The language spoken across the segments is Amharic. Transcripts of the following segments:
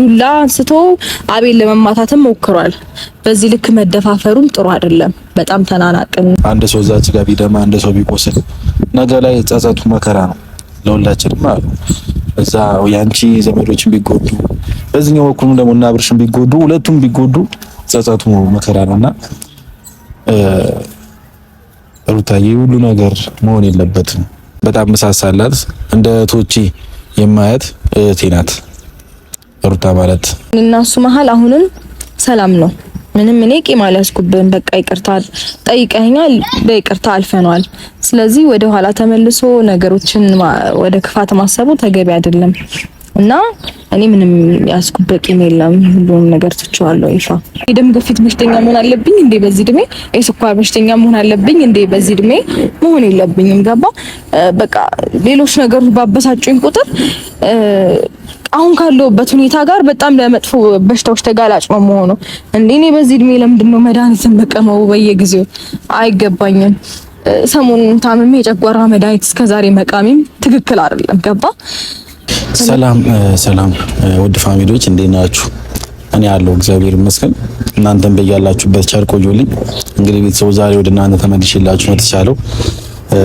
ዱላ አንስቶ አቤል ለመማታትም ሞክሯል። በዚህ ልክ መደፋፈሩም ጥሩ አይደለም። በጣም ተናናቅን። አንድ ሰው እዛች ጋር ቢደማ አንድ ሰው ቢቆስል ነገ ላይ ጸጸቱ መከራ ነው ለሁላችንም አሉ። እዛ ያንቺ ዘመዶችን ቢጎዱ፣ በዚህኛው በኩልም ደግሞ እና አብርሽን ቢጎዱ፣ ሁለቱም ቢጎዱ ጸጸቱ መከራ ነውና ሩታዬ ሁሉ ነገር መሆን የለበትም። በጣም መሳሳላት እንደ ቶቼ የማያት እህቴ ናት። ሩታ ማለት እና እሱ መሀል አሁንም ሰላም ነው። ምንም እኔ ቂም አልያዝኩብህም። በቃ ይቅርታል ጠይቀኛል፣ በይቅርታ አልፈነዋል። ስለዚህ ወደ ኋላ ተመልሶ ነገሮችን ወደ ክፋት ማሰቡ ተገቢ አይደለም እና እኔ ምንም ያዝኩበት ቂም የለም። ሁሉም ነገር ትችዋለሁ። ይፋ የደም ግፊት በሽተኛ መሆን አለብኝ እንዴ በዚህ እድሜ? የስኳር በሽተኛ መሆን አለብኝ እንዴ በዚህ እድሜ? መሆን የለብኝም። ገባ በቃ ሌሎች ነገሮች ባበሳጩኝ ቁጥር አሁን ካለሁበት ሁኔታ ጋር በጣም ለመጥፎ በሽታዎች ተጋላጭ ነው መሆኑ። እንዴ እኔ በዚህ እድሜ ለምንድን ነው መድኃኒትን መቀመው በየጊዜው አይገባኝም። ሰሞኑን ታምሜ የጨጓራ መድኃኒት እስከዛሬ መቃሚም ትክክል አይደለም። ገባ። ሰላም ሰላም፣ ውድ ፋሚሊዎች እንዴት ናችሁ? እኔ ያለው እግዚአብሔር ይመስገን፣ እናንተም በያላችሁበት ቸር ቆዩልኝ። እንግዲህ ቤተሰቡ ዛሬ ወደ እናንተ ተመልሼላችሁ መጥቻለሁ።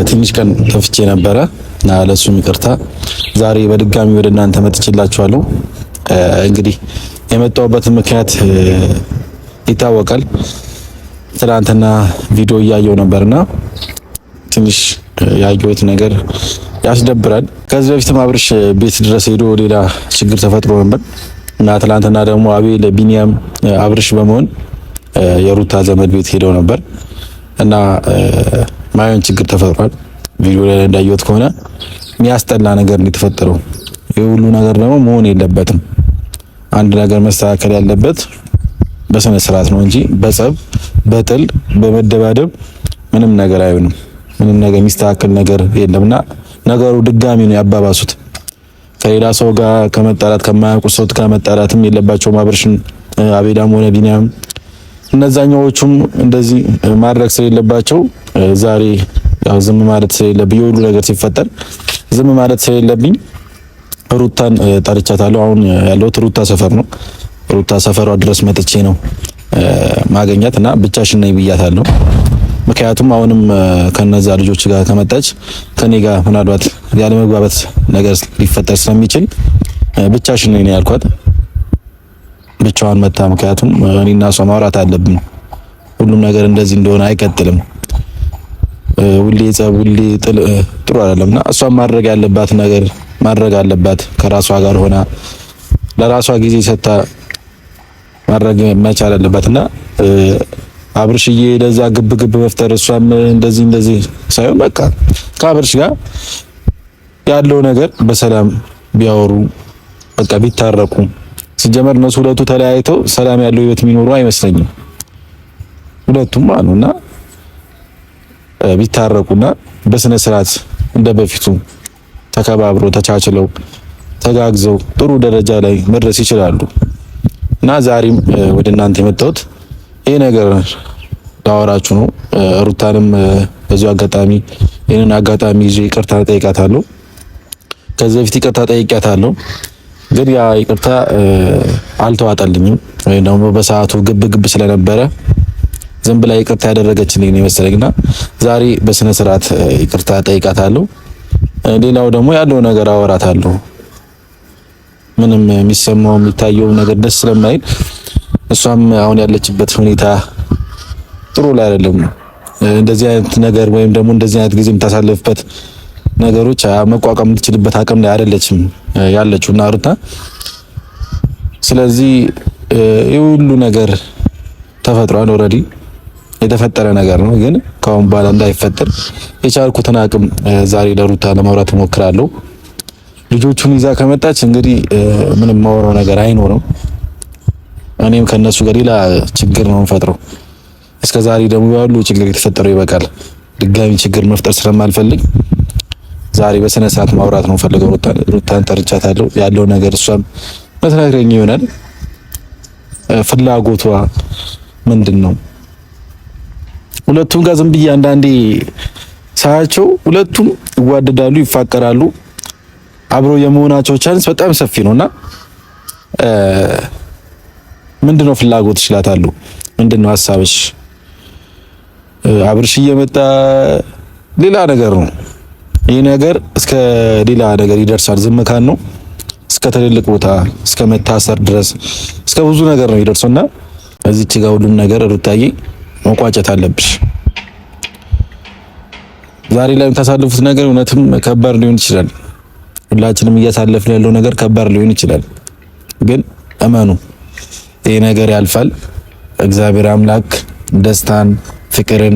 ትንሽ ቀን ጠፍቼ ነበረ እና ለሱም ይቅርታ። ዛሬ በድጋሚ ወደ እናንተ መጥቼላችኋለሁ። እንግዲህ የመጣሁበትን ምክንያት ይታወቃል። ትናንትና ቪዲዮ እያየው ነበርና ትንሽ ያየሁት ነገር ያስደብራል። ከዚህ በፊትም አብርሽ ቤት ድረስ ሄዶ ሌላ ችግር ተፈጥሮ ነበር እና ትናንትና ደግሞ አቤል፣ ቢኒያም፣ አብርሽ በመሆን የሩታ ዘመድ ቤት ሄደው ነበር እና ማየን ችግር ተፈጥሯል። ቪዲዮ ላይ እንዳየሁት ከሆነ የሚያስጠላ ነገር የተፈጠረው ይህ ሁሉ ነገር ደግሞ መሆን የለበትም። አንድ ነገር መስተካከል ያለበት በስነ ስርዓት ነው እንጂ በጸብ በጥል በመደባደብ ምንም ነገር አይሆንም። ምንም ነገር የሚስተካከል ነገር የለምና ነገሩ ድጋሚ ነው ያባባሱት። ከሌላ ሰው ጋር ከመጣላት ከማያውቁ ሰው ጋር መጣላትም የለባቸውም። አብርሽን አቤዳም ሆነ ቢኒያም እነዛኛዎቹም እንደዚህ ማድረግ ስለሌለባቸው ዛሬ ያው ዝም ማለት ስለሌለብኝ የሁሉ ነገር ሲፈጠር ዝም ማለት ስለሌለብኝ ሩታን ጠርቻታለሁ። አሁን ያለሁት ሩታ ሰፈር ነው። ሩታ ሰፈሯ ድረስ መጥቼ ነው ማገኛት እና ብቻሽን ነኝ ብያታለሁ። ምክንያቱም አሁንም ከነዛ ልጆች ጋር ከመጣች ከኔ ጋር ምናልባት ያለመግባባት ነገር ሊፈጠር ስለሚችል ብቻሽን ነኝ ያልኳት ብቻዋን መታ። ምክንያቱም እኔና እሷ ማውራት አለብን። ሁሉም ነገር እንደዚህ እንደሆነ አይቀጥልም። ሁሌ ጸብ፣ ሁሌ ጥል ጥሩ አይደለም እና እሷ ማድረግ ያለባት ነገር ማድረግ አለባት። ከራሷ ጋር ሆና ለራሷ ጊዜ ሰጥታ ማድረግ መቻል አለባት እና አብርሽዬ ለዛ ግብ ግብ መፍጠር እሷም እንደዚህ እንደዚህ ሳይሆን በቃ ከአብርሽ ጋር ያለው ነገር በሰላም ቢያወሩ በቃ ቢታረቁ ሲጀመር እነሱ ሁለቱ ተለያይተው ሰላም ያለው ህይወት የሚኖሩ አይመስለኝም። ሁለቱም አሉና ቢታረቁና በስነ ስርዓት እንደ በፊቱ ተከባብሮ ተቻችለው ተጋግዘው ጥሩ ደረጃ ላይ መድረስ ይችላሉ። እና ዛሬም ወደ እናንተ የመጣሁት ይሄ ነገር ላወራችሁ ነው። ሩታንም በዚሁ አጋጣሚ ይህንን አጋጣሚ ይዤ ይቅርታ ጠይቃታለሁ። ከዚህ በፊት ይቅርታ ጠይቂያታለሁ። ግን ያ ይቅርታ አልተዋጠልኝም፣ ወይም ደግሞ በሰዓቱ ግብ ግብ ስለነበረ ዝም ብላ ይቅርታ ያደረገችልኝ ነው የመሰለኝና ዛሬ በስነ ስርዓት ይቅርታ ጠይቃታለሁ። ሌላው ደግሞ ያለው ነገር አወራታለሁ። ምንም የሚሰማው የሚታየው ነገር ደስ ስለማይል እሷም አሁን ያለችበት ሁኔታ ጥሩ ላይ አይደለም። እንደዚህ አይነት ነገር ወይም ደግሞ እንደዚህ አይነት ጊዜ የምታሳልፍበት ነገሮች መቋቋም የምትችልበት አቅም ላይ አይደለችም። ያለችው እና ሩታ ስለዚህ የሁሉ ነገር ተፈጥሯል። ኦልሬዲ የተፈጠረ ነገር ነው፣ ግን ከአሁን በኋላ እንዳይፈጠር የቻልኩትን አቅም ዛሬ ለሩታ ለማውራት እሞክራለሁ። ልጆቹን ይዛ ከመጣች እንግዲህ ምንም ማወራው ነገር አይኖርም። እኔም ከነሱ ጋር ሌላ ችግር ነው የምፈጥረው። እስከ ዛሬ ደግሞ ያሉ ችግር የተፈጠረው ይበቃል። ድጋሚ ችግር መፍጠር ስለማልፈልግ ዛሬ በስነ ስርዓት ማውራት ነው ፈልገው ሩታን ጠርቻታለሁ። ያለው ነገር እሷም መተናገረኝ ይሆናል። ፍላጎቷ ምንድን ነው? ሁለቱም ጋር ዝም ብዬ አንዳንዴ ሳያቸው ሁለቱም ይዋደዳሉ፣ ይፋቀራሉ። አብረው የመሆናቸው ቻንስ በጣም ሰፊ ነውና ምንድነው ፍላጎት እችላታለሁ? ምንድነው ሀሳብሽ? አብርሽ እየመጣ ሌላ ነገር ነው ይህ ነገር እስከ ሌላ ነገር ይደርሳል። ዝም ካል ነው እስከ ትልልቅ ቦታ እስከ መታሰር ድረስ እስከ ብዙ ነገር ነው ይደርሱና እዚች ጋር ሁሉን ነገር ሩታዬ መቋጨት አለብሽ። ዛሬ ላይ የምታሳልፉት ነገር እውነትም ከባድ ሊሆን ይችላል። ሁላችንም እያሳለፍን ያለው ነገር ከባድ ሊሆን ይችላል። ግን እመኑ፣ ይህ ነገር ያልፋል። እግዚአብሔር አምላክ ደስታን፣ ፍቅርን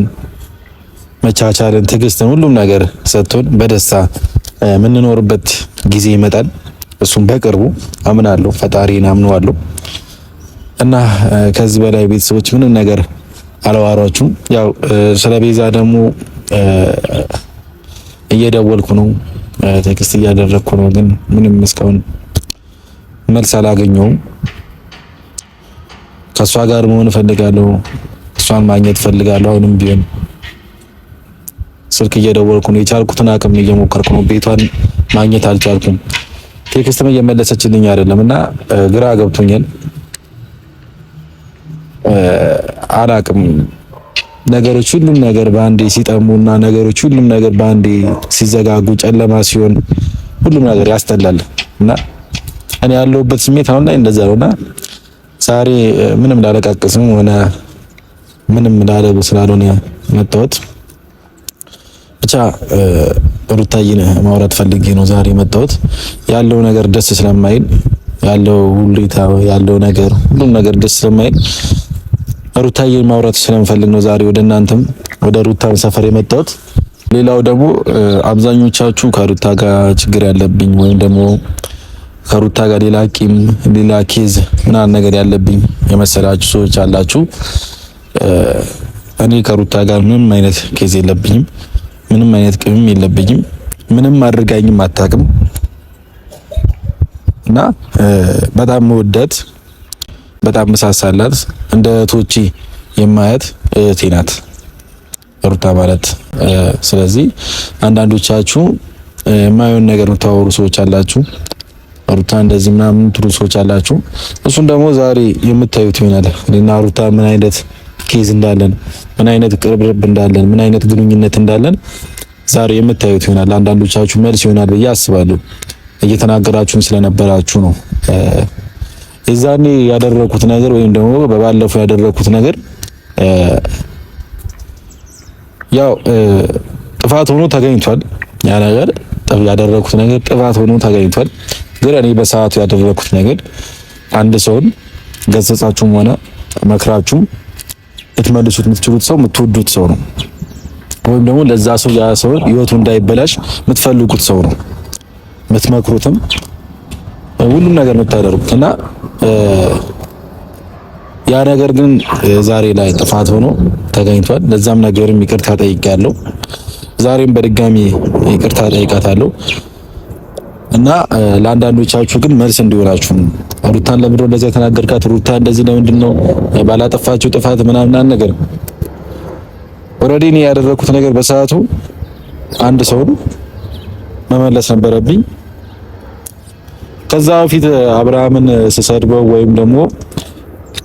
መቻቻልን፣ ትግስትን ሁሉም ነገር ሰጥቶን በደስታ የምንኖርበት ጊዜ ይመጣል። እሱም በቅርቡ አምናለሁ፣ ፈጣሪን አምነዋለሁ እና ከዚህ በላይ ቤተሰቦች ምንም ነገር አላዋሯችሁም። ያው ስለ ቤዛ ደግሞ እየደወልኩ ነው፣ ቴክስት እያደረግኩ ነው፣ ግን ምንም እስካሁን መልስ አላገኘውም። ከእሷ ጋር መሆን እፈልጋለሁ፣ እሷን ማግኘት እፈልጋለሁ አሁንም ቢሆን ስልክ እየደወልኩ ነው፣ የቻልኩትን አቅም እየሞከርኩ ነው። ቤቷን ማግኘት አልቻልኩም። ቴክስትም እየመለሰችልኝ አይደለም እና ግራ ገብቶኛል። አላቅም ነገሮች ሁሉም ነገር በአንዴ ሲጠሙና ነገሮች ሁሉም ነገር በአንዴ ሲዘጋጉ ጨለማ ሲሆን ሁሉም ነገር ያስጠላል እና እኔ ያለሁበት ስሜት አሁን ላይ እንደዛ ነውና ዛሬ ምንም ላለቃቅስም ሆነ ምንም ላለ ስላልሆነ መጣሁት። ብቻ ሩታዬን ማውራት ፈልጌ ነው ዛሬ መጣሁት። ያለው ነገር ደስ ስለማይል ያለው ሁኔታ ያለው ነገር ሁሉም ነገር ደስ ስለማይል ሩታዬን ማውራት ስለምፈልግ ነው ዛሬ ወደ እናንተም ወደ ሩታም ሰፈር የመጣሁት። ሌላው ደግሞ አብዛኞቻችሁ ከሩታ ጋር ችግር ያለብኝ ወይም ደግሞ ከሩታ ጋር ሌላ ቂም ሌላ ኬዝ ምናምን ነገር ያለብኝ የመሰላችሁ ሰዎች አላችሁ። እኔ ከሩታ ጋር ምንም አይነት ኬዝ የለብኝም። ምንም አይነት ቅምም የለብኝም። ምንም አድርጋኝም አታውቅም። እና በጣም መወዳት በጣም መሳሳላት እንደ እህቶቼ የማያት እህቴ ናት ሩታ ማለት። ስለዚህ አንዳንዶቻችሁ የማይሆን ነገር የምታወሩ ሰዎች አላችሁ፣ ሩታ እንደዚህ ምናምን ትሉ ሰዎች አላችሁ። እሱን ደግሞ ዛሬ የምታዩት ይሆናል እና ሩታ ምን አይነት ኬዝ እንዳለን ምን አይነት ቅርብርብ እንዳለን ምን አይነት ግንኙነት እንዳለን ዛሬ የምታዩት ይሆናል። አንዳንዶቻችሁ መልስ ይሆናል ብዬ አስባለሁ። እየተናገራችሁን ስለነበራችሁ ነው። የዛኔ ያደረኩት ነገር ወይም ደግሞ በባለፈው ያደረኩት ነገር ያው ጥፋት ሆኖ ተገኝቷል። ያ ነገር ያደረኩት ነገር ጥፋት ሆኖ ተገኝቷል። ግን እኔ በሰዓቱ ያደረኩት ነገር አንድ ሰውን ገሰጻችሁም ሆነ መክራችሁም ልትመልሱት የምትችሉት ሰው የምትወዱት ሰው ነው፣ ወይም ደግሞ ለዛ ሰው ያ ሰው ህይወቱ እንዳይበላሽ የምትፈልጉት ሰው ነው። የምትመክሩትም ሁሉም ነገር የምታደርጉት እና ያ ነገር ግን ዛሬ ላይ ጥፋት ሆኖ ተገኝቷል። ለዛም ነገርም ይቅርታ ጠይቄያለሁ። ዛሬም በድጋሚ ይቅርታ ጠይቃታለሁ። እና ለአንዳንዶቻችሁ ግን መልስ እንዲሆናችሁ ሩታን ለምንድነው እንደዚህ የተናገርካት? ሩታ እንደዚህ ለምንድን ነው ባላጠፋችሁ ጥፋት ምናምን ነገር ኦልሬዲ እኔ ያደረኩት ነገር በሰዓቱ አንድ ሰውን መመለስ ነበረብኝ። ከዛ በፊት አብርሃምን ስሰድበው ወይም ደግሞ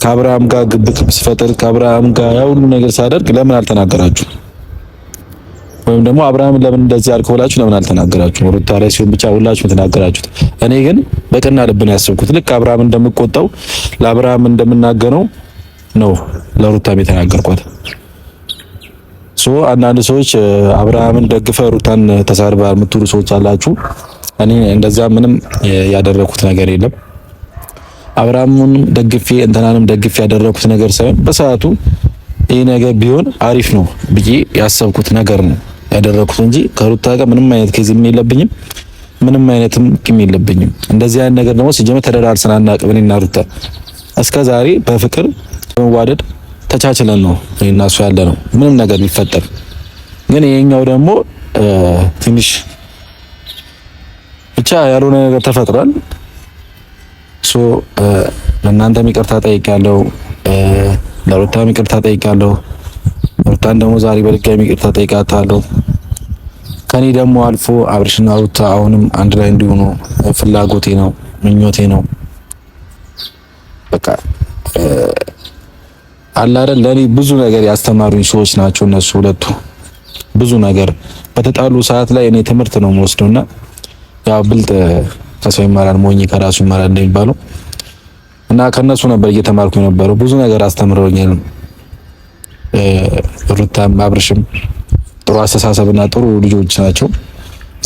ከአብርሃም ጋር ግብግብ ስፈጥር ከአብርሃም ጋር ያው ሁሉ ነገር ሳደርግ ለምን አልተናገራችሁ? ወይም ደግሞ አብርሃም ለምን እንደዚህ አልከው ብላችሁ ለምን አልተናገራችሁም? ሩታ ላይ ሲሆን ብቻ ሁላችሁም ተናገራችሁት። እኔ ግን በቀና ልብ ነው ያሰብኩት። ልክ አብርሃም እንደምቆጣው ለአብርሃም እንደምናገረው ነው ለሩታም የተናገርኳት። ሶ አንዳንድ ሰዎች አብርሃምን ደግፈ ሩታን ተሳርባ የምትሉ ሰዎች አላችሁ። እኔ እንደዛ ምንም ያደረኩት ነገር የለም። አብርሃምን ደግፌ እንትናንም ደግፌ ያደረኩት ነገር ሳይሆን በሰዓቱ ይህ ነገር ቢሆን አሪፍ ነው ብዬ ያሰብኩት ነገር ነው። ያደረኩት እንጂ ከሩታ ጋር ምንም አይነት ኬዝ ምን የለብኝም፣ ምንም አይነትም ቂም የለብኝም። እንደዚህ አይነት ነገር ደግሞ ሲጀመር ተደራርሰን አናውቅም። እኔና ሩታ እስከ ዛሬ በፍቅር በመዋደድ ተቻችለን ነው እና እሱ ያለ ነው ምንም ነገር ቢፈጠር። ግን ይሄኛው ደግሞ ትንሽ ብቻ ያልሆነ ነገር ተፈጥሯል። ሶ ለእናንተም ይቅርታ ጠይቃለሁ፣ ለሩታም ይቅርታ ጠይቃለሁ። ሩታን ደግሞ ዛሬ በድጋሚ ይቅርታ ጠይቃታለሁ። ከኔ ደግሞ አልፎ አብርሽና ሩታ አሁንም አንድ ላይ እንዲሆኑ ፍላጎቴ ነው፣ ምኞቴ ነው። በቃ አለ አይደል ለኔ ብዙ ነገር ያስተማሩኝ ሰዎች ናቸው እነሱ ሁለቱ። ብዙ ነገር በተጣሉ ሰዓት ላይ እኔ ትምህርት ነው የምወስደውና ያው ብልጥ ከሰው ይማራል፣ ሞኝ ከራሱ ይማራል እንደሚባለው እና ከነሱ ነበር እየተማርኩ የነበረው ብዙ ነገር አስተምረውኛል። ሩታም አብርሽም ጥሩ አስተሳሰብና ጥሩ ልጆች ናቸው።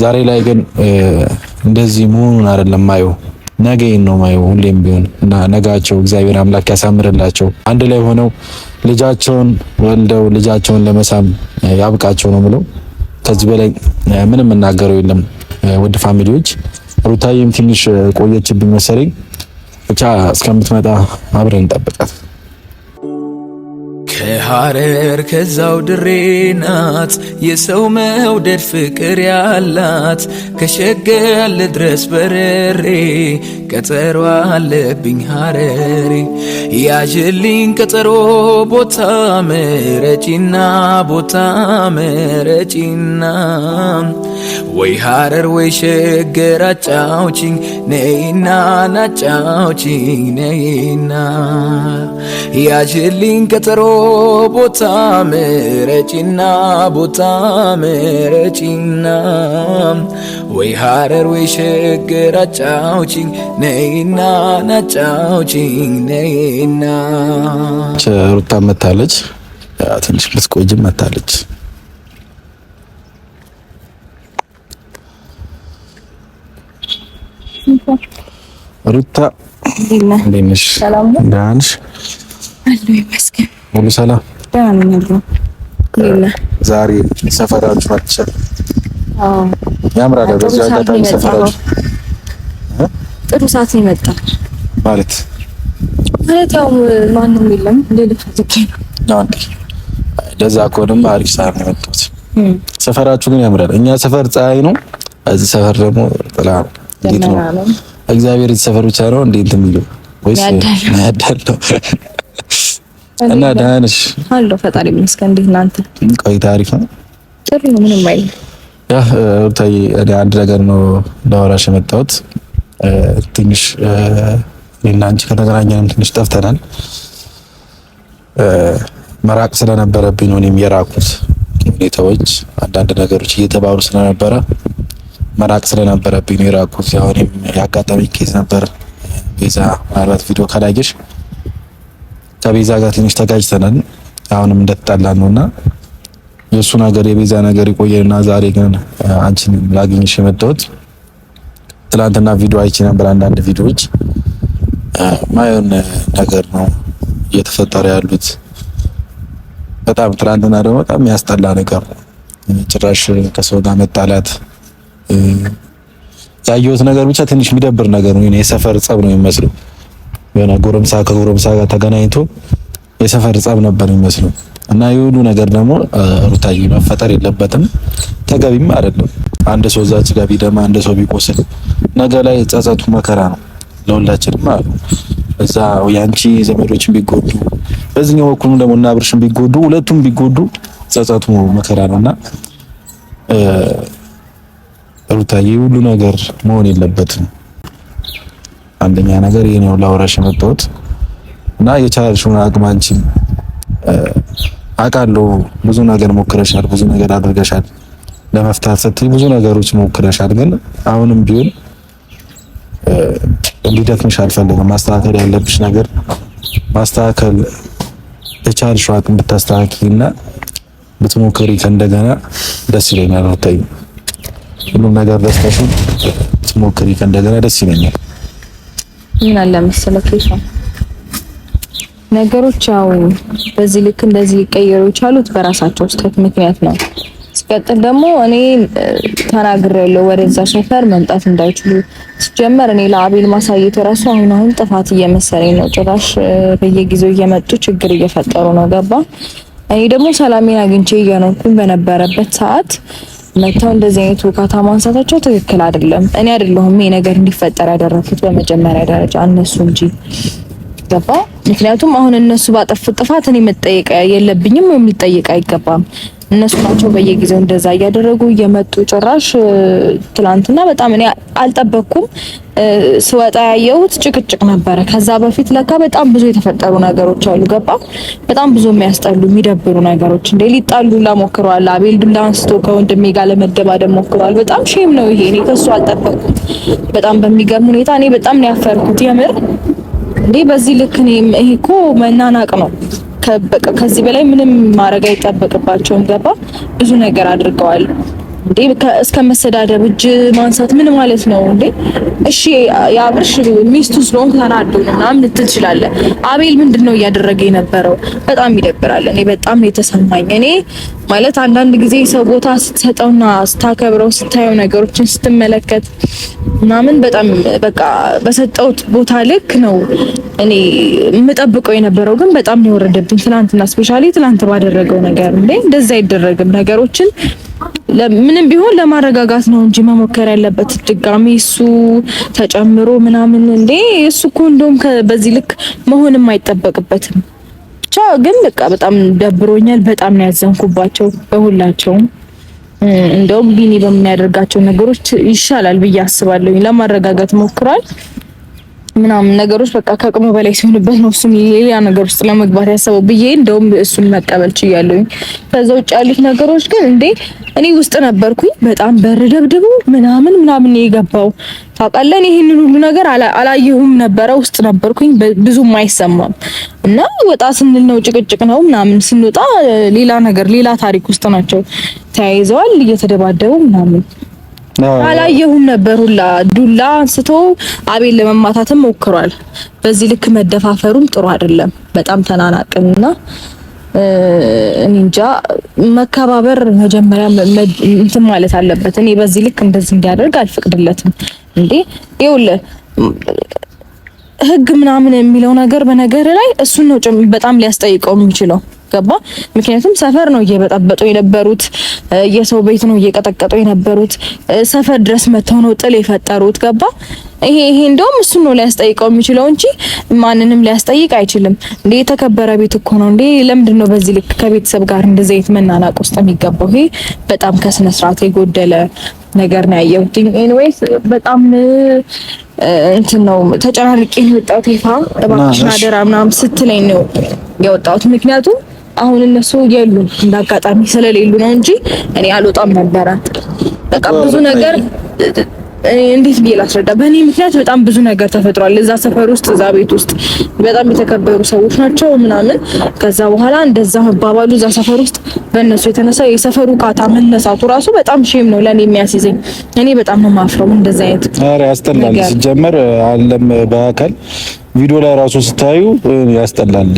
ዛሬ ላይ ግን እንደዚህ መሆኑን አይደለም ማየው፣ ነገይን ነው ማየው ሁሌም ቢሆን እና ነጋቸው እግዚአብሔር አምላክ ያሳምርላቸው። አንድ ላይ ሆነው ልጃቸውን ወልደው ልጃቸውን ለመሳም ያብቃቸው ነው ብለው ከዚህ በላይ ምንም እናገረው የለም። ውድ ፋሚሊዎች ሩታዬም ትንሽ ቆየችብኝ መሰለኝ። ብቻ እስከምትመጣ አብረን እንጠብቃት። ከሐረር ከዛው ድሬ ናት የሰው መውደድ ፍቅር ያላት ከሸገር ድረስ በረሬ ቀጠሮ አለብኝ ሐረሬ ያዥልኝ ቀጠሮ ቦታ መረጪና ቦታ መረጪና ወይ ሐረር ወይ ሸገር አጫውችኝ ነይና ናጫውችኝ ነይና ያዥልኝ ቀጠሮ ቦታ ምረጪና ቦታ ምረጪና ወይ ሐረር ወይ ሸገር አጫውችኝ ነይና ናጫውችኝ ነይና። ሩታ መታለች፣ ትንሽ ልትቆይም መታለች። ሩታ እንዴት ነሽ? ደህና ነሽ? አለሁ ይመስገን። ሙሉ ሰላም ደህና ነኝ። ዛሬ ሰፈራችሁ ናቸው። አዎ ያምራል። በዚህ አጋጣሚ ሰፈራችሁ ጥሩ ሰዓት ነው የመጣው ማለት ማለት ያው ማንም የለም ሌሎች ዝግ ነው አንዴ ለዛ ከሆነም አሪፍ ሰዓት ነው የመጣሁት። ሰፈራችሁ ግን ያምራል። እኛ ሰፈር ፀሐይ ነው፣ እዚህ ሰፈር ደግሞ ጥላ ነው። እንዴት ነው እግዚአብሔር ሰፈር ብቻ ነው እንዴት የሚለው ወይስ ያዳል ነው እና ደህና ነሽ? አለሁ ፈጣሪ ይመስገን። እንዴት እናንተ? ቆይታ አሪፍ ነው። ጥሩ ነው። ምንም አይልም። ያ ሩታዬ፣ እኔ አንድ ነገር ነው ላወራሽ የመጣሁት። ትንሽ እኔና አንቺ ከተገናኘንም ትንሽ ጠፍተናል። መራቅ ስለነበረብኝ ነው እኔም የራኩት ሁኔታዎች አንዳንድ ነገሮች እየተባሉ ስለነበረ መራቅ ስለነበረብኝ ነው የራኩት። ያው እኔም ያጋጠመኝ ኬዝ ነበር። ቤዛ ምናልባት ቪዲዮ ካላየሽ ከቤዛ ጋር ትንሽ ተጋጭተናል። አሁንም እንደተጣላ ነውና የእሱ ነገር የቤዛ ነገር ይቆየና ዛሬ ግን አንቺን ላገኝሽ የመጣሁት ትላንትና ቪዲዮ አይቼ ነበር። አንዳንድ ቪዲዮዎች ማየውን ነገር ነው እየተፈጠረ ያሉት። በጣም ትላንትና ደግሞ በጣም ያስጠላ ነገር ነው። ጭራሽ ከሰው ጋር መጣላት ያየሁት ነገር ብቻ ትንሽ የሚደብር ነገር ነው። የሰፈር ጸብ ነው የሚመስለው። የሆነ ጎረምሳ ከጎረምሳ ጋር ተገናኝቶ የሰፈር ጸብ ነበር የሚመስሉ እና የሁሉ ነገር ደግሞ ሩታዬ መፈጠር የለበትም ተገቢም አይደለም። አንድ ሰው እዛች ጋር ቢደማ አንድ ሰው ቢቆስል ነገ ላይ ጸጸቱ መከራ ነው ለሁላችንም አሉ። እዛ ያንቺ ዘመዶችን ቢጎዱ በዚህኛው በኩልም ደግሞ እና ብርሽን ቢጎዱ ሁለቱም ቢጎዱ ጸጸቱ መከራ ነው እና ሩታዬ ሁሉ ነገር መሆን የለበትም። አንደኛ ነገር የኔው ነው ላወራሽ የመጣሁት እና የቻልሽውን አቅም አንቺም አውቃለሁ ብዙ ነገር ሞክረሻል፣ ብዙ ነገር አድርገሻል። ለመፍታት ስትይ ብዙ ነገሮች ሞክረሻል። ግን አሁንም ቢሆን እንዲደክምሽ አልፈልግም። ማስተካከል ያለብሽ ነገር ማስተካከል የቻልሽው አቅም ብታስተካክልና ብትሞክሪ ከእንደገና ደስ ይለኛል። ሁሉም ነገር ደስታሽን ብትሞክሪ ከእንደገና ደስ ይለኛል። ምን አለ መሰለህ ነገሮች ያው በዚህ ልክ እንደዚህ ሊቀየሩ የቻሉት በራሳቸው ስህተት ምክንያት ነው። ሲቀጥል ደግሞ እኔ ተናግሬያለሁ ወደዛ ሰፈር መምጣት እንዳይችሉ። ሲጀመር እኔ ለአቤል ማሳየት የራሱ አሁን አሁን ጥፋት እየመሰለኝ ነው። ጭራሽ በየጊዜው እየመጡ ችግር እየፈጠሩ ነው። ገባ እኔ ደግሞ ሰላሜን አግኝቼ እየኖርኩኝ በነበረበት ሰዓት መጥተው እንደዚህ አይነት ውካታ ማንሳታቸው ትክክል አይደለም። እኔ አይደለሁም ይሄ ነገር እንዲፈጠር ያደረኩት በመጀመሪያ ደረጃ እነሱ እንጂ ገባ። ምክንያቱም አሁን እነሱ ባጠፉት ጥፋት እኔ መጠየቅ የለብኝም ወይም ልጠየቅ አይገባም። እነሱ ናቸው በየጊዜው እንደዛ እያደረጉ እየመጡ ጭራሽ ትላንትና በጣም እኔ አልጠበቅኩም። ስወጣ ያየሁት ጭቅጭቅ ነበረ። ከዛ በፊት ለካ በጣም ብዙ የተፈጠሩ ነገሮች አሉ። ገባ በጣም ብዙ የሚያስጠሉ የሚደብሩ ነገሮች እንደ ሊጣሉ ሞክረዋል። አቤል ዱላ አንስቶ ከወንድሜ ጋር ለመደባደብ ሞክረዋል። በጣም ሼም ነው ይሄ። እኔ ከሱ አልጠበቅኩም። በጣም በሚገርም ሁኔታ እኔ በጣም ነው ያፈርኩት። የምር እንዴ በዚህ ልክ እኔ ይሄ እኮ መናናቅ ነው። ከዚህ በላይ ምንም ማድረግ አይጠበቅባቸውም። ገባ ብዙ ነገር አድርገዋል። እንዴ እስከ መሰዳደብ እጅ ማንሳት ምን ማለት ነው እንዴ? እሺ የአብርሽ ሚስቱ ስለሆንክ ተናዶ ምናምን ትችላለህ። አቤል ምንድን ነው እያደረገ የነበረው? በጣም ይደብራል። እኔ በጣም ነው የተሰማኝ። እኔ ማለት አንዳንድ ጊዜ ሰው ቦታ ስትሰጠውና ስታከብረው ስታየው ነገሮችን ስትመለከት ምናምን በጣም በቃ በሰጠውት ቦታ ልክ ነው እኔ የምጠብቀው የነበረው ግን በጣም ነው የወረደብኝ ትናንትና፣ ስፔሻሊ ትናንት ባደረገው ነገር እንዴ እንደዛ አይደረግም ነገሮችን ምንም ቢሆን ለማረጋጋት ነው እንጂ መሞከር ያለበት ድጋሚ እሱ ተጨምሮ ምናምን እንዴ እሱ እኮ እንደውም በዚህ ልክ መሆንም አይጠበቅበትም። ብቻ ግን በቃ በጣም ደብሮኛል። በጣም ነው ያዘንኩባቸው በሁላቸውም። እንደውም ቢኒ በሚያደርጋቸው ነገሮች ይሻላል ብዬ አስባለሁ። ለማረጋጋት ሞክሯል። ምናምን ነገሮች በቃ ከአቅሙ በላይ ሲሆንበት ነው እሱም ሌላ ነገር ውስጥ ለመግባት ያሰበው ብዬ እንደውም እሱን መቀበል ችያለሁኝ። ከዛ ውጭ ያሉት ነገሮች ግን እንዴ እኔ ውስጥ ነበርኩኝ። በጣም በር ደብድቦ ምናምን ምናምን የገባው ታቃለን ይህንን ሁሉ ነገር አላየሁም ነበረ፣ ውስጥ ነበርኩኝ። ብዙም አይሰማም እና ወጣ ስንል ነው ጭቅጭቅ ነው ምናምን፣ ስንወጣ ሌላ ነገር ሌላ ታሪክ ውስጥ ናቸው። ተያይዘዋል፣ እየተደባደቡ ምናምን አላየሁም ነበር። ሁላ ዱላ አንስቶ አቤል ለመማታትም ሞክሯል። በዚህ ልክ መደፋፈሩም ጥሩ አይደለም። በጣም ተናናቅንና እኔ እንጃ መከባበር መጀመሪያ እንትን ማለት አለበት። እኔ በዚህ ልክ እንደዚህ እንዲያደርግ አልፈቅድለትም። እንዴ ይኸውልህ ህግ ምናምን የሚለው ነገር በነገር ላይ እሱን ነው በጣም ሊያስጠይቀው የሚችለው። ገባ። ምክንያቱም ሰፈር ነው እየበጣበጡ የነበሩት፣ የሰው ቤት ነው እየቀጠቀጡ የነበሩት፣ ሰፈር ድረስ መተው ነው ጥል የፈጠሩት። ገባ። ይሄ ይሄ እንደውም እሱን ነው ሊያስጠይቀው የሚችለው እንጂ ማንንም ሊያስጠይቅ አይችልም። እንዴ የተከበረ ቤት እኮ ነው። እንዴ ለምንድን ነው በዚህ ልክ ከቤተሰብ ጋር እንደዚህ አይነት መናናቅ ውስጥ የሚገባው? ይሄ በጣም ከስነ ስርዓት የጎደለ ነገር ነው ያየሁት። ኤኒዌይስ በጣም እንትን ነው ተጨናንቄ ነው የወጣሁት። ይፋ እባክሽን አደራ ምናምን ስትለኝ ነው የወጣሁት ምክንያቱም አሁን እነሱ የሉም እንዳጋጣሚ ስለሌሉ ነው እንጂ እኔ አልወጣም ነበረ። በቃ ብዙ ነገር እንዴት ብዬ ላስረዳ? በእኔ ምክንያት በጣም ብዙ ነገር ተፈጥሯል። እዛ ሰፈር ውስጥ እዛ ቤት ውስጥ በጣም የተከበሩ ሰዎች ናቸው ምናምን። ከዛ በኋላ እንደዛ መባባሉ እዛ ሰፈር ውስጥ በእነሱ የተነሳ የሰፈሩ ቃታ መነሳቱ ራሱ በጣም ሼም ነው ለእኔ የሚያስይዘኝ። እኔ በጣም ነው የማፍረው እንደዛ አይነት ኧረ ያስጠላል። ሲጀመር አለም በአካል ቪዲዮ ላይ ራሱ ስታዩ ያስጠላል።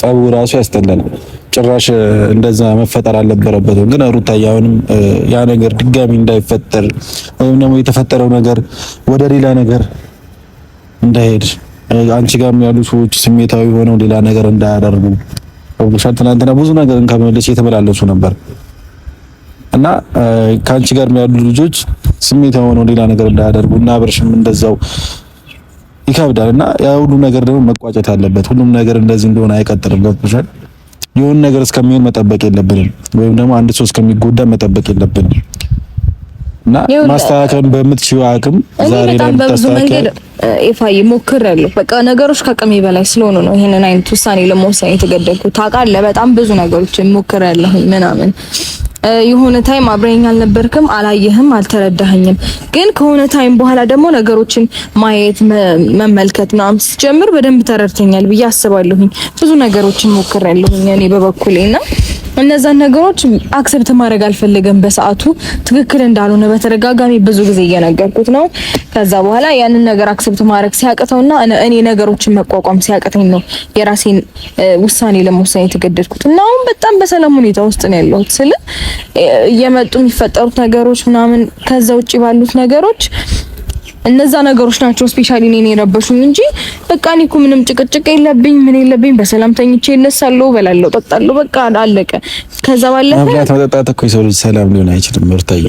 ጸቡ ራሱ ያስጠላል። ጭራሽ እንደዛ መፈጠር አልነበረበትም። ግን ሩታዬ አሁንም ያ ነገር ድጋሚ እንዳይፈጠር ወይም ደግሞ የተፈጠረው ነገር ወደ ሌላ ነገር እንዳይሄድ አንቺ ጋርም ያሉ ሰዎች ስሜታዊ ሆነው ሌላ ነገር እንዳያደርጉ ሻል ትናንትና ብዙ ነገር ከመለስ የተመላለሱ ነበር እና ከአንቺ ጋር ያሉ ልጆች ስሜታዊ ሆነው ሌላ ነገር እንዳያደርጉ እና አብርሽም እንደዛው ይከብዳል እና ያ ሁሉም ነገር ደግሞ መቋጨት አለበት። ሁሉም ነገር እንደዚህ እንደሆነ አይቀጥልም። ገብቶሻል? የሆነ ነገር እስከሚሆን መጠበቅ የለብንም፣ ወይም ደግሞ አንድ ሰው እስከሚጎዳ መጠበቅ የለብንም እና ማስተካከል በምትችይው አቅም ዛሬ ላይ ታስተካከል። ኢፋይ ሞክሬያለሁ። በቃ ነገሮች ከቅሜ በላይ ስለሆኑ ነው ይሄንን አይነት ውሳኔ ለመወሰን የተገደልኩት። ታውቃለህ፣ በጣም ብዙ ነገሮች ሞክሬያለሁ ምናምን የሆነ ታይም አብረኝ አልነበርክም፣ አላየህም፣ አልተረዳኸኝም። ግን ከሆነ ታይም በኋላ ደግሞ ነገሮችን ማየት መመልከት ምናምን ስትጀምር በደንብ ተረድተኛል ብዬ አስባለሁኝ። ብዙ ነገሮችን ሞክሬያለሁኝ እኔ በበኩሌና እነዛን ነገሮች አክሰብት ማድረግ አልፈለገም። በሰዓቱ ትክክል እንዳልሆነ በተደጋጋሚ ብዙ ጊዜ እየነገርኩት ነው። ከዛ በኋላ ያንን ነገር አክሰብት ማድረግ ሲያቅተውና እኔ ነገሮችን መቋቋም ሲያቅተኝ ነው የራሴን ውሳኔ ለመወሰን የተገደድኩት እና አሁን በጣም በሰላም ሁኔታ ውስጥ ነው ያለሁት። ስለ እየመጡ የሚፈጠሩት ነገሮች ምናምን ከዛ ውጭ ባሉት ነገሮች እነዛ ነገሮች ናቸው ስፔሻሊ እኔን የረበሹኝ እንጂ በቃ እኔ እኮ ምንም ጭቅጭቅ የለብኝ ምን የለብኝ። በሰላም ተኝቼ እነሳለሁ፣ በላለሁ፣ ጠጣለሁ፣ በቃ አለቀ። ከዛ ባለፈ መብላት መጠጣት እኮ የሰው ልጅ ሰላም ሊሆን አይችልም ምርታዬ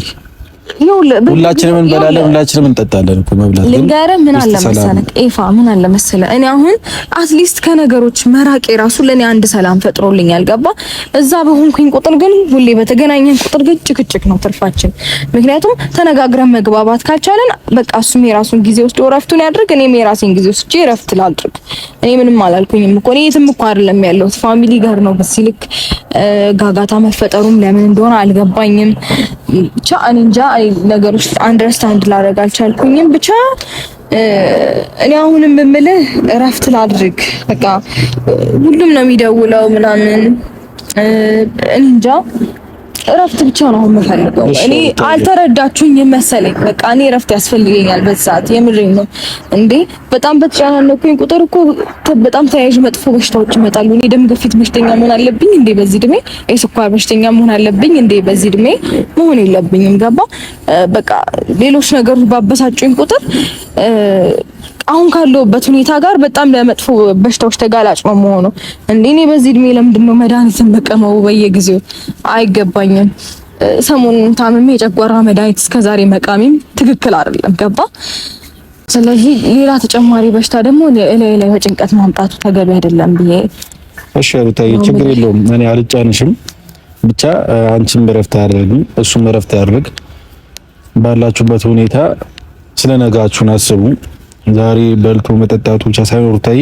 ሁላችንም እንበላለን፣ ሁላችንም እንጠጣለን እኮ መብላት። ልንገርህ ምን አለ መሰለህ ኤፋ፣ ምን አለ መሰለህ እኔ አሁን አትሊስት ከነገሮች መራቅ የራሱ ለእኔ አንድ ሰላም ፈጥሮልኝ ገባ እዛ በሆንኩኝ ቁጥር ግን ሁሌ በተገናኘን ቁጥር ግን ጭቅጭቅ ነው ትርፋችን። ምክንያቱም ተነጋግረን መግባባት ካልቻለን በቃ እሱም የራሱን ጊዜ ወስዶ እረፍቱን ያድርግ፣ እኔም የራሴን ጊዜ ወስጄ እረፍት ላድርግ። እኔ ምንም አላልኩኝም እኮ እኔ የትም እኮ አይደለም ያለሁት ፋሚሊ ጋር ነው። በዚህ ልክ ጋጋታ መፈጠሩም ለምን እንደሆነ አልገባኝም። ብቻ እኔ እንጃ ነገር ውስጥ አንደርስታንድ ላደርግ አልቻልኩኝም። ብቻ እኔ አሁንም የምልህ እረፍት ላድርግ፣ በቃ ሁሉም ነው የሚደውለው ምናምን እንጃ እረፍት ብቻ ነው የምፈልገው። እኔ አልተረዳችሁኝ መሰለኝ። በቃ እኔ እረፍት ያስፈልገኛል በዚህ ሰዓት፣ ነው እንዴ። በጣም በተጨናነኩኝ ቁጥር እኮ በጣም ተያያዥ መጥፎ በሽታዎች ይመጣሉ። እኔ ደም ግፊት በሽተኛ መሆን አለብኝ እንዴ በዚህ እድሜ? የስኳር በሽተኛ መሆን አለብኝ እንዴ በዚህ እድሜ? መሆን የለብኝም ገባ። በቃ ሌሎች ነገሮች ባበሳጩኝ ቁጥር አሁን ካለሁበት ሁኔታ ጋር በጣም ለመጥፎ በሽታዎች ተጋላጭ ነው መሆኑ። እንዴ እኔ በዚህ እድሜ ለምንድን ነው መድኃኒትን መቀመው በየጊዜው አይገባኝም። ሰሞኑን ታምሜ የጨጓራ መድኃኒት እስከዛሬ መቃሚም ትክክል አይደለም። ገባ ስለዚህ ሌላ ተጨማሪ በሽታ ደግሞ እላይ ላይ በጭንቀት ማምጣቱ ተገቢ አይደለም ብዬ። እሺ ሩታዬ፣ ችግር የለውም እኔ አልጫንሽም። ብቻ አንቺም እረፍት አድርጊ፣ እሱም እረፍት ያድርግ። ባላችሁበት ሁኔታ ስለነጋችሁን አስቡ። ዛሬ በልቶ መጠጣቱ ብቻ ሳይሆን ሩታዬ፣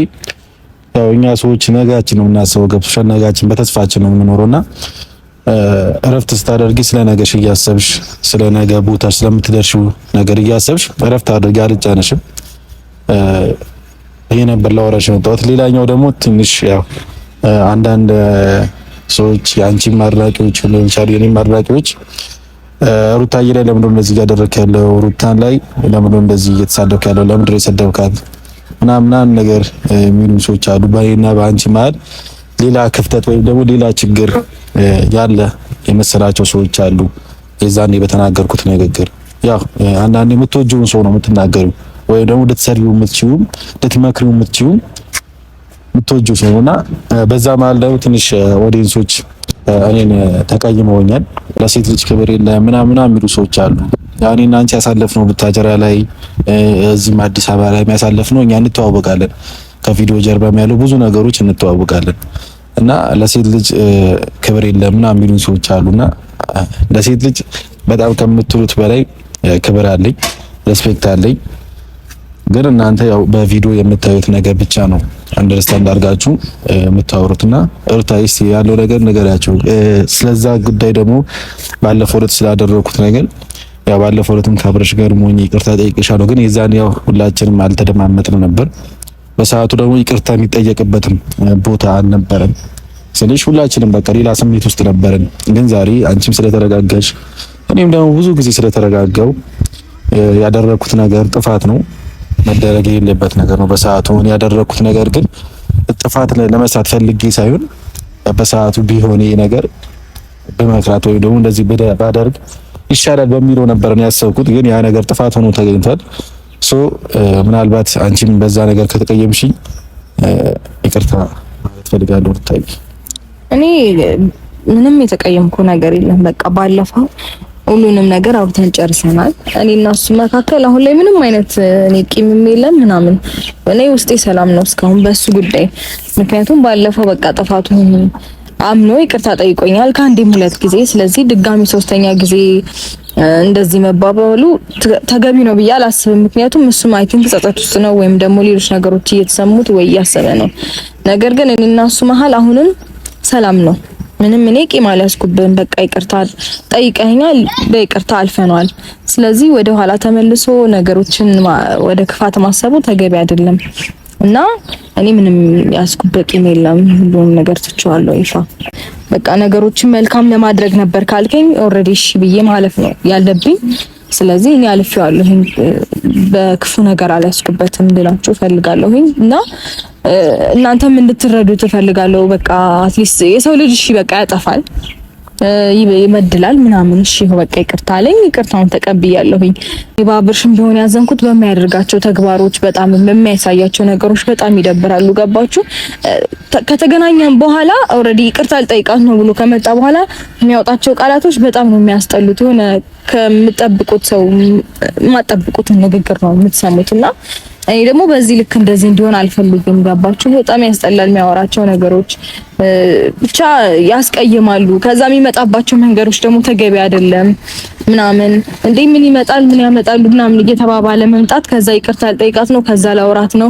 ያው እኛ ሰዎች ነጋችን ነው እናስበው፣ ገብቶሻል? ነጋችን በተስፋችን ነው የምንኖረውና እረፍት ስታደርጊ ስለ ነገሽ እያሰብሽ ስለ ነገ ቦታሽ ስለምትደርሺው ነገር እያሰብሽ እረፍት አድርጊ። አልጫነሽም። ይሄ ነበር ላወራሽ የመጣሁት። ሌላኛው ደግሞ ትንሽ ያው አንዳንድ ሰዎች የአንቺም አድናቂዎች ሊሆን ይችላል የኔም አድናቂዎች ሩታ ላይ ለምን እንደዚህ እያደረክ ያለው? ሩታን ላይ ለምን እንደዚህ እየተሳደብክ ያለው? ለምን ድረስ የሰደብካት ምናምናን ነገር የሚሉ ሰዎች አሉ። በእኔና በአንቺ መሀል ሌላ ክፍተት ወይም ደግሞ ሌላ ችግር ያለ የመሰላቸው ሰዎች አሉ። የዛኔ በተናገርኩት ንግግር ያው አንዳንዴ የምትወጂውን ሰው ነው የምትናገሩ ወይም ደግሞ ልትሰሪው የምትችይው ልትመክሪው የምትችይው የምትወጂው ሰው እና በዛ መሀል ደግሞ ትንሽ ኦዲየንሶች እኔን ተቀይመውኛል። ለሴት ልጅ ክብር የለ ምናምና የሚሉ ሰዎች አሉ። ያኔ እናንቺ ያሳለፍነው ብታጀራ ላይ እዚህም አዲስ አበባ ላይ የሚያሳለፍነው እኛ እንተዋወቃለን። ከቪዲዮ ጀርባም ያለው ብዙ ነገሮች እንተዋወቃለን እና ለሴት ልጅ ክብር የለ ምና የሚሉ ሰዎች አሉና ለሴት ልጅ በጣም ከምትሉት በላይ ክብር አለኝ፣ ሬስፔክት አለኝ። ግን እናንተ ያው በቪዲዮ የምታዩት ነገር ብቻ ነው አንደርስታንድ አድርጋችሁ የምታወሩትና እርታይስ ያለው ነገር ንገሪያቸው። ስለዛ ጉዳይ ደግሞ ባለፈው ዕለት ስላደረኩት ነገር ያው ባለፈው ዕለትም ከአብረሽ ጋር ሞኝ ይቅርታ ጠይቄሻለሁ። ግን የዛን ያው ሁላችንም አልተደማመጥን ነበር። በሰዓቱ ደግሞ ይቅርታ የሚጠየቅበትም ቦታ አልነበረም። ስለዚህ ሁላችንም በቃ ሌላ ስሜት ውስጥ ነበርን። ግን ዛሬ አንቺም ስለተረጋጋሽ እኔም ደግሞ ብዙ ጊዜ ስለተረጋጋው ያደረኩት ነገር ጥፋት ነው መደረግ የሌለበት ነገር ነው በሰዓቱ ያደረኩት ነገር ግን ጥፋት ለመስራት ፈልጌ ሳይሆን በሰዓቱ ቢሆን ይሄ ነገር በመክራት ወይም ደግሞ እንደዚህ ባደርግ ይሻላል በሚለው ነበር ነው ያሰብኩት። ግን ያ ነገር ጥፋት ሆኖ ተገኝቷል። ሶ ምናልባት አንቺም በዛ ነገር ከተቀየምሽኝ ይቅርታ ማለት ፈልጋለሁ። ታይ እኔ ምንም የተቀየምኩ ነገር የለም። በቃ ባለፈው ሁሉንም ነገር አውርተን ጨርሰናል። እኔ እና እሱ መካከል አሁን ላይ ምንም አይነት እኔ ቂምም የለም ምናምን፣ እኔ ውስጤ ሰላም ነው እስካሁን በሱ ጉዳይ። ምክንያቱም ባለፈው በቃ ጥፋቱ አምኖ ይቅርታ ጠይቆኛል ከአንዴም ሁለት ጊዜ። ስለዚህ ድጋሚ ሶስተኛ ጊዜ እንደዚህ መባበሉ ተገቢ ነው ብዬ አላስብም። ምክንያቱም እሱም አይ ቲንክ ጸጸት ውስጥ ነው ወይም ደግሞ ሌሎች ነገሮች እየተሰሙት ወይ እያሰበ ነው። ነገር ግን እኔ እና እሱ መሀል አሁንም ሰላም ነው። ምንም እኔ ቂም አልያዝኩብህም። በቃ ይቅርታ ጠይቀኛል፣ በይቅርታ አልፈነዋል። ስለዚህ ወደ ኋላ ተመልሶ ነገሮችን ወደ ክፋት ማሰቡ ተገቢ አይደለም እና እኔ ምንም ያዝኩብህ ቂም የለም። ሁሉም ነገር ትቼዋለሁ። ይፋ በቃ ነገሮችን መልካም ለማድረግ ነበር ካልከኝ ኦልሬዲ እሺ ብዬ ማለፍ ነው ያለብኝ። ስለዚህ እኔ አልፌዋለሁኝ በክፉ ነገር አልያዝኩበትም ልላችሁ እፈልጋለሁኝ እና እናንተም እንድትረዱት እፈልጋለሁ። በቃ አትሊስት የሰው ልጅ እሺ በቃ ያጠፋል ይመድላል ምናምን እሺ በቃ ይቅርታ አለኝ። ይቅርታውን ተቀብያለሁኝ። የባብርሽም ቢሆን ያዘንኩት በሚያደርጋቸው ተግባሮች፣ በጣም የሚያሳያቸው ነገሮች በጣም ይደብራሉ። ገባችሁ? ከተገናኘን በኋላ ኦልሬዲ ይቅርታ ልጠይቃት ነው ብሎ ከመጣ በኋላ የሚያወጣቸው ቃላቶች በጣም ነው የሚያስጠሉት የሆነ ከምጠብቁት ሰው የማጠብቁትን ንግግር ነው የምትሰሙት እና እኔ ደግሞ በዚህ ልክ እንደዚህ እንዲሆን አልፈልግም። ገባችሁ? በጣም ያስጠላል የሚያወራቸው ነገሮች ብቻ ያስቀይማሉ። ከዛ የሚመጣባቸው መንገዶች ደግሞ ተገቢ አይደለም ምናምን እንዴ ምን ይመጣል ምን ያመጣሉ ምናምን እየተባባለ መምጣት ከዛ ይቅርታ ልጠይቃት ነው ከዛ ላውራት ነው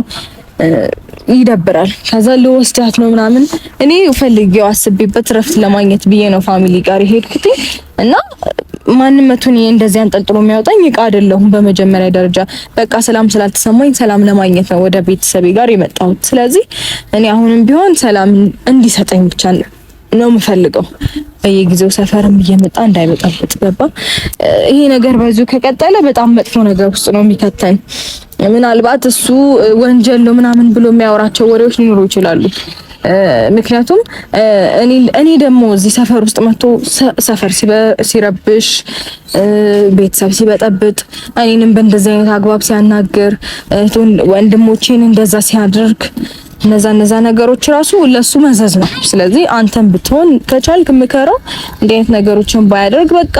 ይደብራል። ከዛ ልወስዳት ነው ምናምን እኔ ፈልጌው አስቤበት ረፍት ለማግኘት ብዬ ነው ፋሚሊ ጋር የሄድኩት እና ማንም መቱን ይሄ እንደዚህ አንጠልጥሎ የሚያወጣኝ እቃ አይደለሁም። በመጀመሪያ ደረጃ በቃ ሰላም ስላልተሰማኝ ሰላም ለማግኘት ነው ወደ ቤተሰቤ ጋር የመጣሁት። ስለዚህ እኔ አሁንም ቢሆን ሰላም እንዲሰጠኝ ብቻ ነው ነው የምፈልገው። በየጊዜው ሰፈርም እየመጣ እንዳይመጣበት ገባ። ይሄ ነገር በዚሁ ከቀጠለ በጣም መጥፎ ነገር ውስጥ ነው የሚከተን ምናልባት እሱ ወንጀል ነው ምናምን ብሎ የሚያወራቸው ወሬዎች ሊኖሩ ይችላሉ። ምክንያቱም እኔ እኔ ደግሞ እዚህ ሰፈር ውስጥ መጥቶ ሰፈር ሲረብሽ ቤተሰብ ሲበጠብጥ እኔንም በእንደዚህ አይነት አግባብ ሲያናግር ወንድሞቼን እንደዛ ሲያደርግ እነዛ እነዛ ነገሮች ራሱ ለሱ መዘዝ ነው። ስለዚህ አንተን ብትሆን ከቻልክ ምከረው፣ እንዲህ አይነት ነገሮችን ባያደርግ። በቃ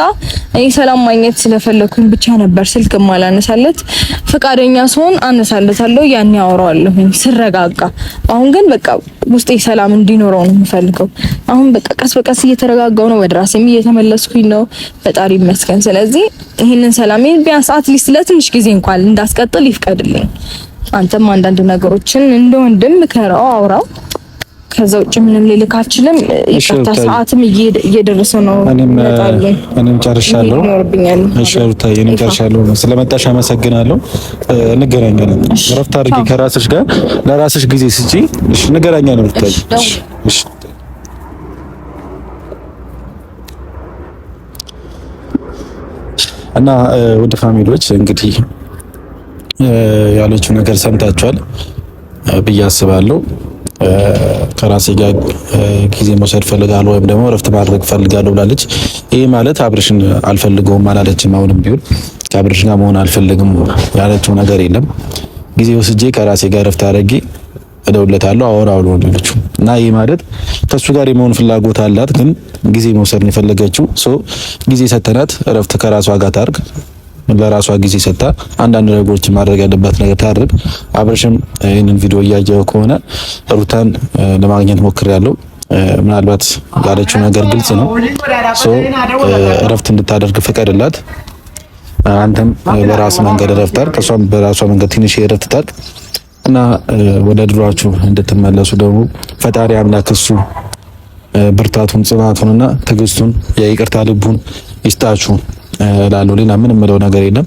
እኔ ሰላም ማግኘት ስለፈለኩኝ ብቻ ነበር ስልክ ማላነሳለት። ፈቃደኛ ስሆን አነሳለታለሁ፣ ያን ያወራዋለሁ ስረጋጋ። አሁን ግን በቃ ውስጤ ሰላም እንዲኖረው ነው የምፈልገው። አሁን በቃ ቀስ በቀስ እየተረጋጋው ነው፣ ወደ ራሴም እየተመለስኩኝ ነው፣ ፈጣሪ ይመስገን። ስለዚህ ይህንን ሰላሜን ቢያንስ አትሊስት ለትንሽ ጊዜ እንኳን እንዳስቀጥል ይፍቀድልኝ። አንተም አንዳንድ ነገሮችን እንደ ወንድም ከረው አውራው። ከዛ ውጭ ምንም ልልክ አልችልም። ይቅርታ፣ ሰዓትም እየደረሰ ነው። እኔም ጨርሻለሁ። እሺ ሩታዬ፣ እኔም ጨርሻለሁ። ስለመጣሽ አመሰግናለሁ። እንገናኛለን። እረፍት አድርጊ፣ ከራስሽ ጋር ለራስሽ ጊዜ ስጪ። እሺ፣ እንገናኛለን ሩታዬ። እሺ እና ወደ ፋሚሊዎች እንግዲህ ያለችው ነገር ሰምታችኋል ብዬ አስባለሁ። ከራሴ ጋር ጊዜ መውሰድ ፈልጋለሁ ወይም ደግሞ እረፍት ማድረግ ፈልጋለሁ ብላለች። ይህ ማለት አብርሽን አልፈልገውም አላለችም። አሁንም ቢሆን ከአብርሽ ጋር መሆን አልፈልግም ያለችው ነገር የለም። ጊዜ ወስጄ ከራሴ ጋር እረፍት አድርጌ እደውልለታለሁ አወራዋለሁ አላለችው እና ይህ ማለት ከሱ ጋር የመሆን ፍላጎት አላት፣ ግን ጊዜ መውሰድ ነው የፈለገችው። ጊዜ ሰተናት እረፍት ከራሷ ጋር ታርግ ለራሷ ጊዜ ሰጥታ አንዳንድ ነገሮች ማድረግ ያለባት ነገር ታድርግ። አብረሽም ይህንን ቪዲዮ እያየው ከሆነ ሩታን ለማግኘት ሞክሬያለሁ። ምናልባት ያለችው ነገር ግልጽ ነው። እረፍት እንድታደርግ ፍቀድላት። አንተም በራስ መንገድ ረፍታል፣ ከሷም በራሷ መንገድ ትንሽ ረፍታል እና ወደ ድሯችሁ እንድትመለሱ ደግሞ ፈጣሪ አምላክ እሱ ብርታቱን ጽናቱንና ትዕግስቱን የይቅርታ ልቡን ይስጣችሁ። ላሉ ሌላ ምን የምለው ነገር የለም።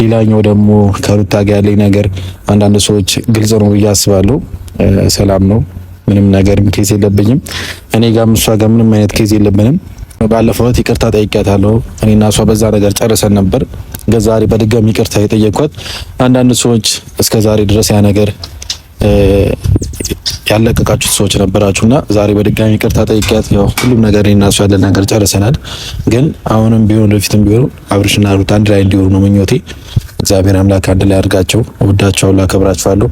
ሌላኛው ደግሞ ከሩታ ጋር ያለኝ ነገር አንዳንድ ሰዎች ግልጽ ነው ብዬ አስባለሁ። ሰላም ነው፣ ምንም ነገርም ኬዝ የለብኝም። እኔ ጋር እሷ ጋር ምንም አይነት ኬዝ የለብንም። ባለፈው ይቅርታ ጠይቄያታለሁ። እኔና እሷ በዛ ነገር ጨርሰን ነበር። ዛሬ በድጋሚ ይቅርታ የጠየቅኳት አንዳንድ ሰዎች እስከ ዛሬ ድረስ ያ ነገር ያለቀቃችሁ ሰዎች ነበራችሁና ዛሬ በድጋሚ ይቅርታ ጠይቄያት፣ ያው ሁሉም ነገር እናሱ ያለን ነገር ጨርሰናል። ግን አሁንም ቢሆን ወደፊትም ቢሆን አብርሽና ሩት አንድ ላይ እንዲሆኑ ነው ምኞቴ። እግዚአብሔር አምላክ አንድ ላይ አድርጋቸው። እወዳቸዋለሁ፣ አከብራቸዋለሁ።